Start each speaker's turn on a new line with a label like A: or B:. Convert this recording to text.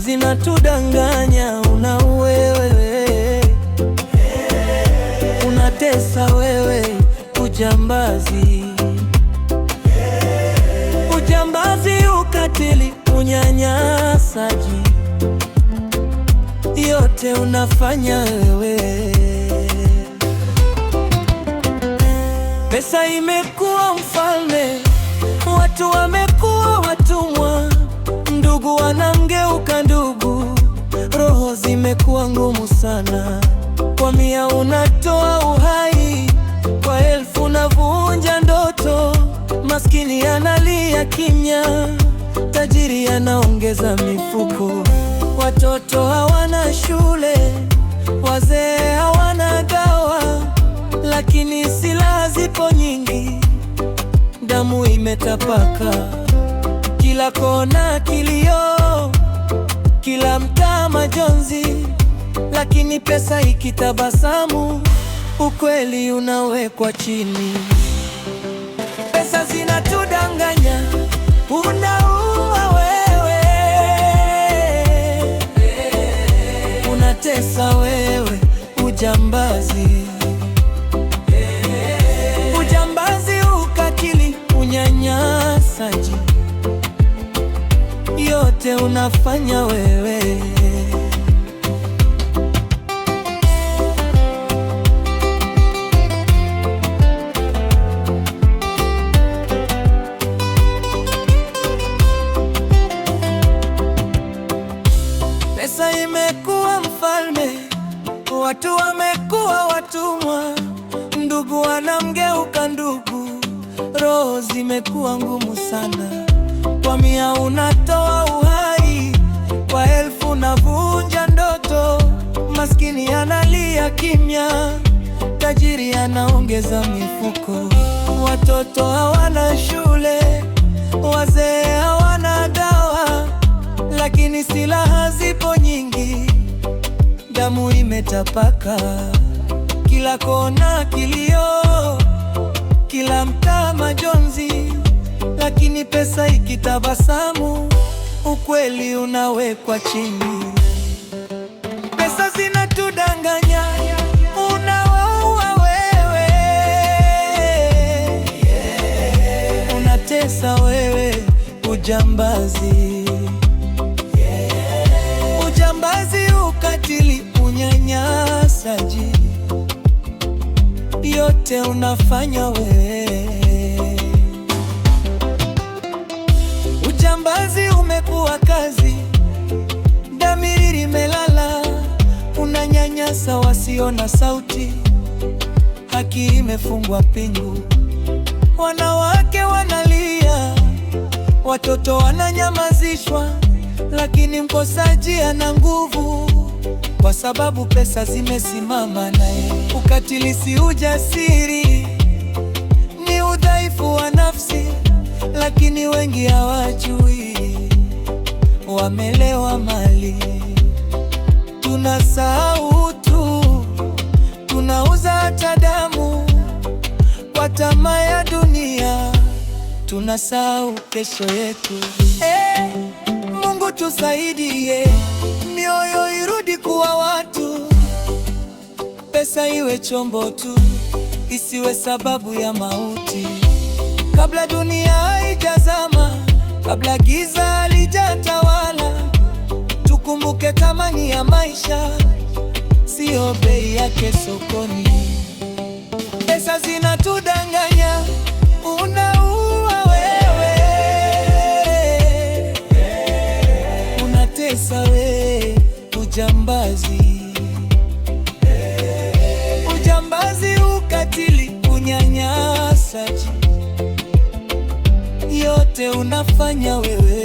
A: zinatudanganya, una wewe unatesa wewe, ujambazi ujambazi, ukatili, unyanyasaji, yote unafanya wewe. Pesa imekuwa mfalme, watu wamekuwa watumwa, ndugu wana imekuwa ngumu sana. Kwa mia unatoa uhai, kwa elfu unavunja ndoto. Maskini analia kimya, tajiri anaongeza mifuko. Watoto hawana shule, wazee hawana dawa, lakini silaha zipo nyingi, damu imetapaka kila kona, kilio kila mtaa, majonzi lakini pesa ikitabasamu, ukweli unawekwa chini. Pesa zinatudanganya, unaua wewe, unatesa wewe, ujambazi, ujambazi, ukatili, unyanyasaji, yote unafanya wewe namgeuka ndugu, roho zimekuwa ngumu sana. Kwa mia unatoa uhai, kwa elfu navunja ndoto. Maskini analia kimya, tajiri anaongeza mifuko. Watoto hawana shule, wazee hawana dawa, lakini silaha zipo nyingi, damu imetapaka kila kona kilio, kila mtaa majonzi, lakini pesa ikitabasamu, ukweli unawekwa chini. Pesa zinatudanganya, unawaua wewe, yeah. Unatesa wewe, ujambazi yeah. Ujambazi, ukatili, unyanyasaji yote unafanya wewe. Ujambazi umekuwa kazi, dhamiri imelala, unanyanyasa wasio na sauti, haki imefungwa pingu, wanawake wanalia, watoto wananyamazishwa, lakini mkosaji ana nguvu kwa sababu pesa zimesimama naye. Ukatili si ujasiri, ni udhaifu wa nafsi, lakini wengi hawajui, wamelewa mali. Tunasahau utu, tunauza hata damu kwa tamaa ya dunia, tunasahau kesho yetu. Hey, eh, Mungu tusaidie. pesa iwe chombo tu, isiwe sababu ya mauti. Kabla dunia haijazama, kabla giza halijatawala, tukumbuke thamani ya maisha, siyo bei yake sokoni. Pesa zinatudanganya yote unafanya wewe